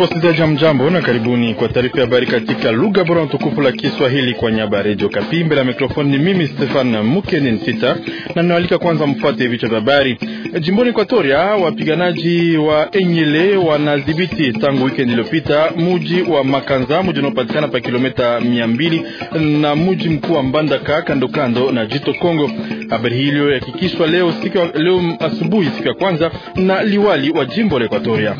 Wasikilizaji wa mjambo na karibuni kwa taarifa ya habari katika lugha bora tukufu la Kiswahili kwa niaba ya Radio Kapi. Mbele ya mikrofoni ni mimi Stefan Mukeni Nsita na ninawaalika kwanza mfuate vichwa vya habari. Jimboni Ekwatoria, wapiganaji wa Enyele wanadhibiti tangu wikendi iliyopita muji wa Makanza, muji unaopatikana pa kilomita mia mbili na muji mkuu wa Mbandaka, kando kando na jito Kongo. Habari hii iliyohakikishwa leo, leo asubuhi siku ya kwanza na liwali wa jimbo la Ekwatoria.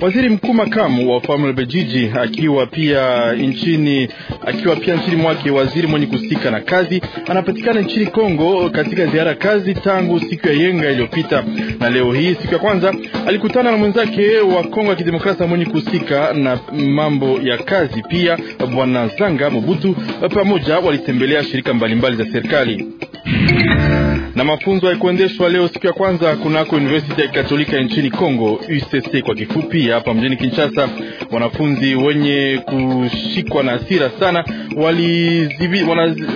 Waziri mkuu makamu wa ufalme wa Ubelgiji akiwa pia nchini akiwa pia nchini mwake waziri mwenye kusika na kazi anapatikana nchini Kongo katika ziara kazi tangu siku ya yenga iliyopita, na leo hii siku ya kwanza alikutana na mwenzake wa Kongo ya kidemokrasia mwenye kusika na mambo ya kazi pia bwana Zanga Mobutu. Pamoja walitembelea shirika mbalimbali mbali za serikali na mafunzo ya kuendeshwa leo siku ya kwanza kunako University ya kikatolika nchini congo UCC kwa kifupi, hapa mjini Kinshasa. Wanafunzi wenye kushikwa na hasira sana walizibi,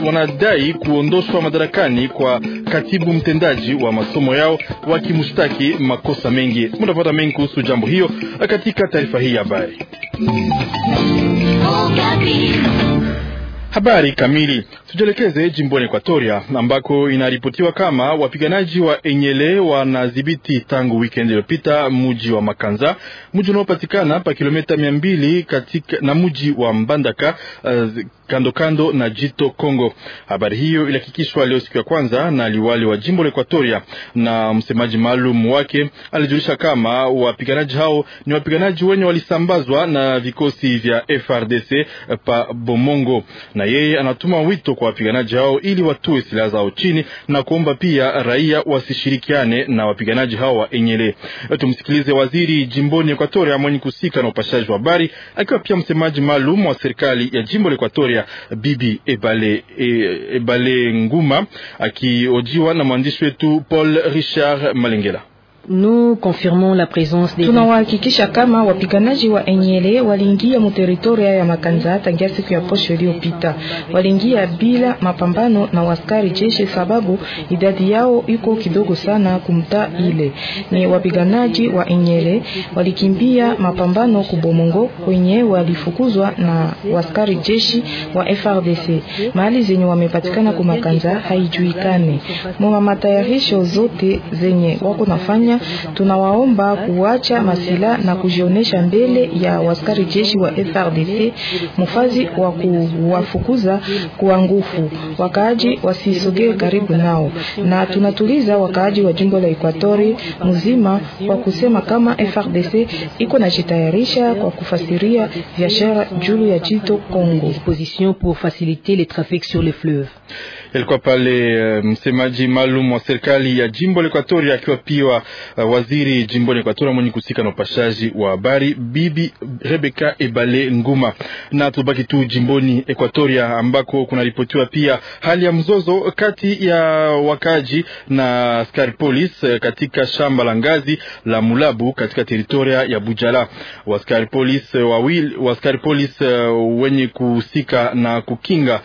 wanadai kuondoshwa madarakani kwa katibu mtendaji wa masomo yao wakimshtaki makosa mengi. Mutapata mengi kuhusu jambo hiyo katika taarifa hii ya habari. Oh, Habari kamili tujielekeze jimboni Ekwatoria ambako inaripotiwa kama wapiganaji wa Enyele wanadhibiti tangu weekend iliyopita muji wa Makanza, muji unaopatikana pa kilomita mia mbili katika na muji wa Mbandaka uh, kando kando na jito Kongo. Habari hiyo ilihakikishwa leo siku ya kwanza na liwali wa jimbo la Ekuatoria, na msemaji maalum wake alijulisha kama wapiganaji hao ni wapiganaji wenye walisambazwa na vikosi vya FRDC pa Bomongo, na yeye anatuma wito kwa wapiganaji hao ili watue silaha zao chini na kuomba pia raia wasishirikiane na wapiganaji hao wa Enyele. Tumsikilize waziri jimboni Ekuatoria mwenye kusika na upashaji wa habari akiwa pia msemaji maalum wa serikali ya jimbo la Ekuatoria ya bibi Ebale, e, Ebale Nguma, akiojiwa na mwandishi wetu Paul Richard Malengela. Nous confirmons la présence des... Tunawahakikisha kama wapiganaji wa Enyele waliingia muteritoria ya Makanza tangia siku ya posho iliyopita. Waliingia bila mapambano na waskari jeshi, sababu idadi yao iko kidogo sana kumta ile. Ni wapiganaji wa Enyele walikimbia mapambano kubomongo kwenye walifukuzwa na waskari jeshi wa FRDC. Mahali zenye wamepatikana kumakanza haijuikane. Mwa matayarisho zote zenye wako nafanya kufanya, tunawaomba kuwacha masila na kujionesha mbele ya waskari jeshi wa FRDC mufazi wa kuwafukuza kwa nguvu. Wakaaji wasisogee karibu nao, na tunatuliza wakaaji wa jimbo la Ekwatori mzima kwa kusema kama FRDC iko na jitayarisha kwa kufasiria biashara juu ya jito Kongo pour faciliter les trafics sur les fleuves. Ilikuwa pale eh, msemaji maalum wa serikali ya jimbo la Ekuatoria akiwa Uh, waziri jimboni Ekwatora mwenye kusika na upashaji wa habari bibi Rebeka Ebale Nguma. Na tubaki tu jimboni Ekwatoria ambako kunaripotiwa pia hali ya mzozo kati ya wakaji na askari polisi uh, katika shamba la ngazi la Mulabu katika teritoria ya Bujala. Waskari polisi uh, wawili, waskari polisi wenye kusika na kukinga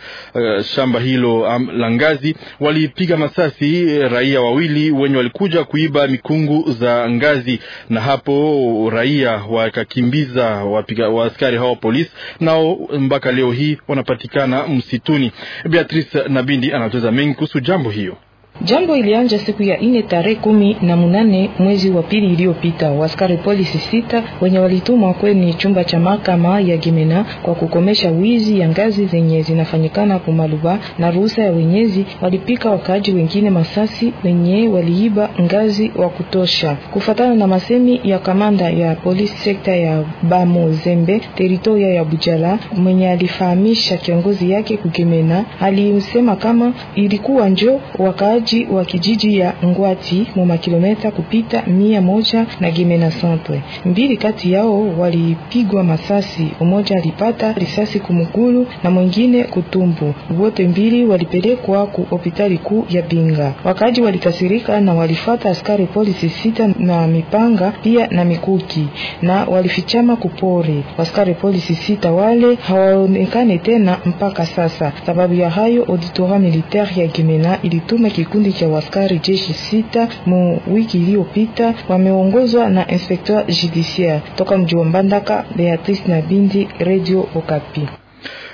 shamba hilo um, la ngazi walipiga masasi raia wawili wenye walikuja kuiba mikungu tangu za ngazi, na hapo raia wakakimbiza wapiga askari hao polisi, nao mpaka leo hii wanapatikana msituni. Beatrice Nabindi anatueleza mengi kuhusu jambo hiyo. Jambo ilianja siku ya ine tarehe kumi na munane mwezi wa pili iliyopita. Waskari polisi sita wenye walitumwa kwenye chumba cha mahakama ya Gemena kwa kukomesha wizi ya ngazi zenye zinafanyikana kumaluba na ruhusa ya wenyezi, walipika wakaaji wengine masasi wenye waliiba ngazi wa kutosha, kufatana na masemi ya kamanda ya polisi sekta ya Bamozembe teritoria ya Bujala mwenye alifahamisha kiongozi yake kugemena. Alimsema kama ilikuwa njo wakaaji mji wa kijiji ya Ngwati mwa kilomita kupita mia moja na Gemena Centre. Mbili kati yao walipigwa masasi, umoja alipata risasi kumugulu na mwingine kutumbu. Wote mbili walipelekwa ku hospitali kuu ya Binga. Wakaji walikasirika na walifata askari polisi sita na mipanga pia na mikuki na walifichama kupori. Askari polisi sita wale hawaonekane tena mpaka sasa. Sababu ya hayo, auditora militaire ya Gemena ilituma kikundi kikundi cha waskari jeshi sita mu wiki iliyopita, wameongozwa na inspekteur judiciaire toka mji wa Mbandaka. Beatrice na Bindi, Radio Okapi.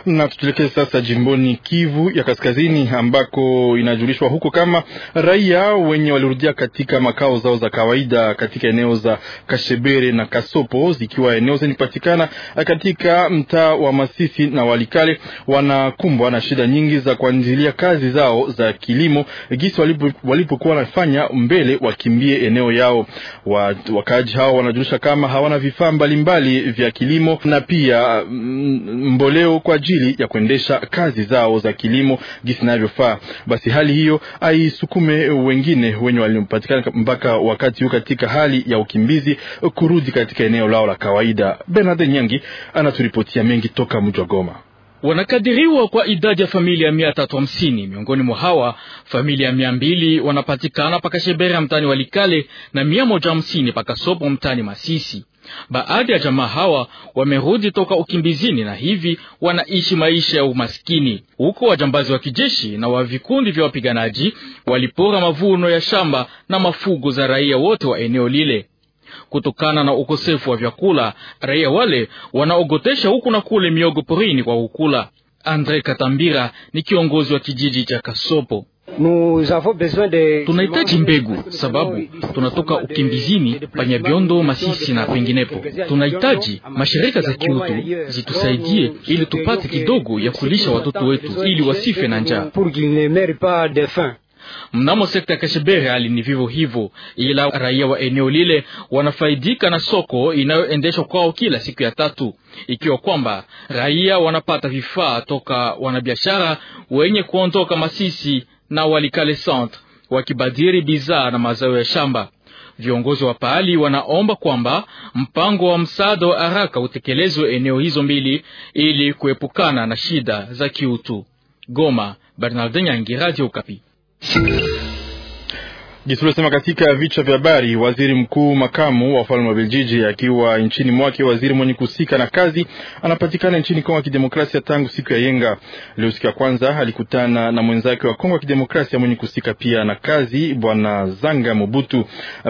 Na tuelekee sasa jimboni Kivu ya Kaskazini, ambako inajulishwa huko kama raia wenye walirudia katika makao zao za kawaida katika eneo za Kashebere na Kasopo, zikiwa eneo zinapatikana katika mtaa wa Masisi na Walikale, wanakumbwa na shida nyingi za kuanzilia kazi zao za kilimo gisi walipokuwa wanafanya mbele wakimbie eneo yao. Wakaaji hao wanajulisha kama hawana vifaa mbalimbali vya kilimo na pia mm, mboleo kwa ajili ajili ya kuendesha kazi zao za kilimo gisi inavyofaa. Basi hali hiyo aisukume wengine wenye walipatikana mpaka wakati huu katika hali ya ukimbizi kurudi katika eneo lao la kawaida. Bernard Nyangi anaturipotia mengi toka mji wa Goma. Wanakadiriwa kwa idadi ya familia mia tatu hamsini. Miongoni mwa hawa familia mia mbili wanapatikana paka Shebera mtani Walikale na mia moja hamsini paka Sopo mtani Masisi. Baadhi ya jamaa hawa wamerudi toka ukimbizini na hivi wanaishi maisha ya umaskini huko. Wajambazi wa kijeshi na wa vikundi vya wapiganaji walipora mavuno ya shamba na mafugo za raia wote wa eneo lile. Kutokana na ukosefu wa vyakula, raia wale wanaogotesha huku na kule miogo porini kwa kukula. Andre Katambira ni kiongozi wa kijiji cha Kasopo tunahitaji mbegu sababu tunatoka ukimbizini Panyabiondo, Masisi na penginepo. Tunahitaji mashirika za kiutu zitusaidie ili tupate kidogo ya kulisha watoto wetu ili wasife na njaa. Mnamo sekta ya Kashebere hali ni vivyo hivyo, ila raia wa eneo lile wanafaidika na soko inayoendeshwa kwao kila siku ya tatu, ikiwa kwamba raia wanapata vifaa toka wanabiashara wenye kuondoka Masisi na Walikale Centre wakibadhiri bidhaa na mazao ya shamba. Viongozi wa pahali wanaomba kwamba mpango wa msaada wa haraka utekelezwe eneo hizo mbili ili kuepukana na shida za kiutu. Goma, Bernardin Nyangi, Radio Okapi. Jinsi tuliosema katika vichwa vya habari, waziri mkuu makamu wa ufalme wa Beljiji akiwa nchini mwake, waziri mwenye kuhusika na kazi anapatikana nchini Kongo ya Kidemokrasia tangu siku ya yenga leo. Siku ya kwanza alikutana na mwenzake wa Kongo ya Kidemokrasia mwenye kuhusika pia na kazi, bwana Zanga Mobutu.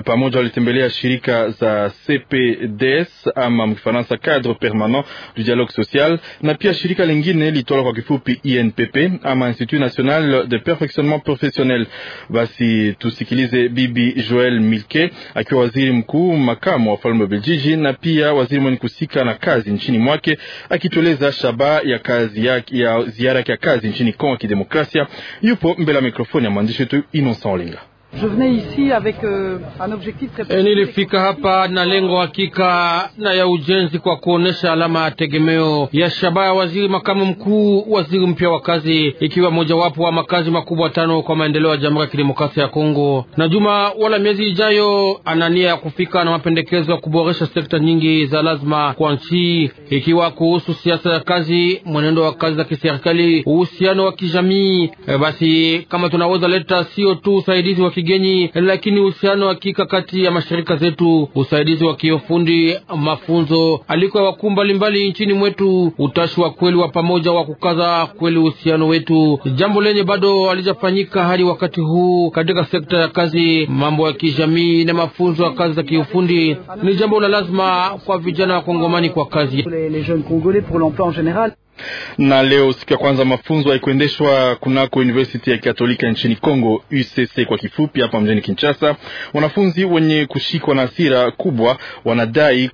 Pamoja walitembelea shirika za CPDS ama mkifaransa Cadre Permanent du Dialogue Social na pia shirika lingine litwala kwa kifupi INPP ama Institut National de Perfectionnement Professionnel. Basi tusikilize tumsikilize Bibi Joel Milke akiwa waziri mkuu makamu wa falme wa Beljiji na pia waziri mwenye kusika na kazi nchini mwake akitueleza shabaha ya kazi ya, ya ziara yake ya kazi nchini Kongo ya Kidemokrasia. Yupo mbele ya mikrofoni ya mwandishi wetu Innocent Olinga. Euh, eh, nilifika hapa na lengo hakika na ya ujenzi kwa kuonesha alama ya tegemeo ya shabaha ya waziri makamu mkuu, waziri mpya wa kazi, ikiwa mojawapo wa makazi makubwa tano kwa maendeleo ya Jamhuri ya Kidemokrasia ya Kongo. Na juma wala miezi ijayo, ana nia ya kufika na mapendekezo ya kuboresha sekta nyingi za lazima kwa nchi, ikiwa kuhusu siasa ya kazi, mwenendo wa kazi za kiserikali, uhusiano wa kijamii. E, basi kama tunaweza leta sio tu usaidizi wa kigeni, lakini uhusiano hakika kati ya mashirika zetu, usaidizi wa kiufundi, mafunzo alikuwa wakuu mbalimbali nchini mwetu, utashi wa kweli wa pamoja wa kukaza kweli uhusiano wetu, jambo lenye bado halijafanyika hadi wakati huu katika sekta ya kazi, mambo ya kijamii na mafunzo ya kazi za kiufundi, ni jambo la lazima kwa vijana wa Kongomani kwa kazi. Na leo siku ya kwanza mafunzo haikuendeshwa kunako University ya kikatolika nchini congo UCC kwa kifupi, hapa mjini Kinshasa. Wanafunzi wenye kushikwa na hasira kubwa wanadai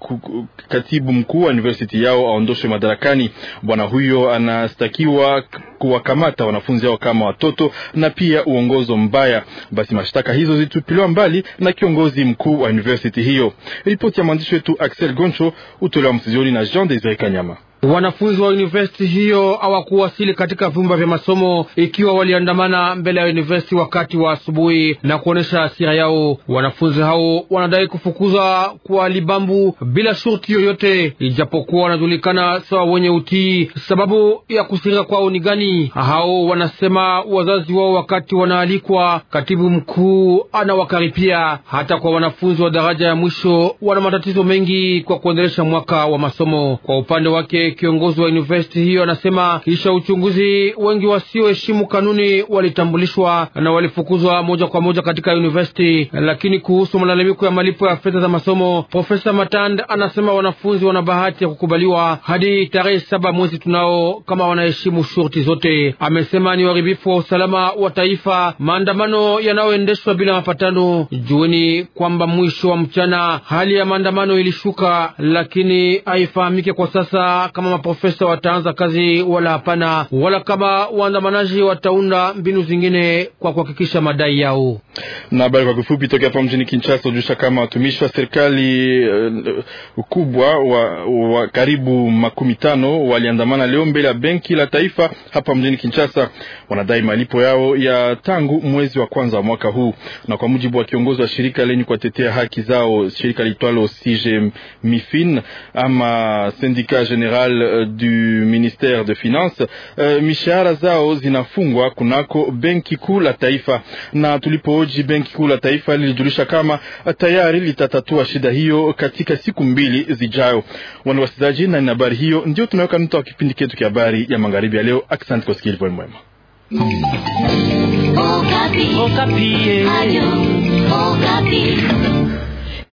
katibu mkuu wa university yao aondoshwe madarakani. Bwana huyo anastakiwa kuwakamata wanafunzi hao kama watoto na pia uongozo mbaya. Basi mashtaka hizo zilitupiliwa mbali na kiongozi mkuu wa university hiyo. Ripoti ya mwandishi wetu Axel Goncho utolewa msizioni na Jean Desire Kanyama. Wanafunzi wa universiti hiyo hawakuwasili katika vyumba vya masomo, ikiwa waliandamana mbele ya universiti wakati wa asubuhi na kuonyesha hasira yao. Wanafunzi hao wanadai kufukuzwa kwa Libambu bila shurti yoyote, ijapokuwa wanajulikana sawa wenye utii. Sababu ya kusirika kwao ni gani? Hao wanasema wazazi wao wakati wanaalikwa. Katibu mkuu anawakaripia. Hata kwa wanafunzi wa daraja ya mwisho, wana matatizo mengi kwa kuendelesha mwaka wa masomo. Kwa upande wake Kiongozi wa universiti hiyo anasema kisha uchunguzi, wengi wasioheshimu kanuni walitambulishwa na walifukuzwa moja kwa moja katika university. Lakini kuhusu malalamiko ya malipo ya fedha za masomo, Profesa Matand anasema wanafunzi wana bahati ya kukubaliwa hadi tarehe saba mwezi tunao, kama wanaheshimu shurti zote. Amesema ni uharibifu wa usalama wa taifa maandamano yanayoendeshwa bila mapatano. Jueni kwamba mwisho wa mchana hali ya maandamano ilishuka, lakini haifahamike kwa sasa kama kama maprofesa wataanza kazi wala hapana, wala kama waandamanaji wataunda mbinu zingine kwa kuhakikisha madai yao. Na habari kwa kifupi tokea hapa mjini Kinshasa ujusha kama watumishi wa serikali uh, eh, kubwa wa, wa karibu makumi tano waliandamana leo mbele ya benki la taifa hapa mjini Kinshasa. Wanadai malipo yao ya tangu mwezi wa kwanza wa mwaka huu, na kwa mujibu wa kiongozi wa shirika lenye kuwatetea haki zao, shirika liitwalo Sije ama Syndicat General national euh, du ministère de finance, euh, mishahara zao zinafungwa kunako benki kuu la taifa, na tulipooji benki kuu la taifa lilijulisha kama uh, tayari litatatua shida hiyo katika siku mbili zijayo. Wanawasizaji na ni habari hiyo ndio tunaweka nta wa kipindi ketu kia habari ya magharibi ya leo. Asante kwa kusikiliza, mwema eh.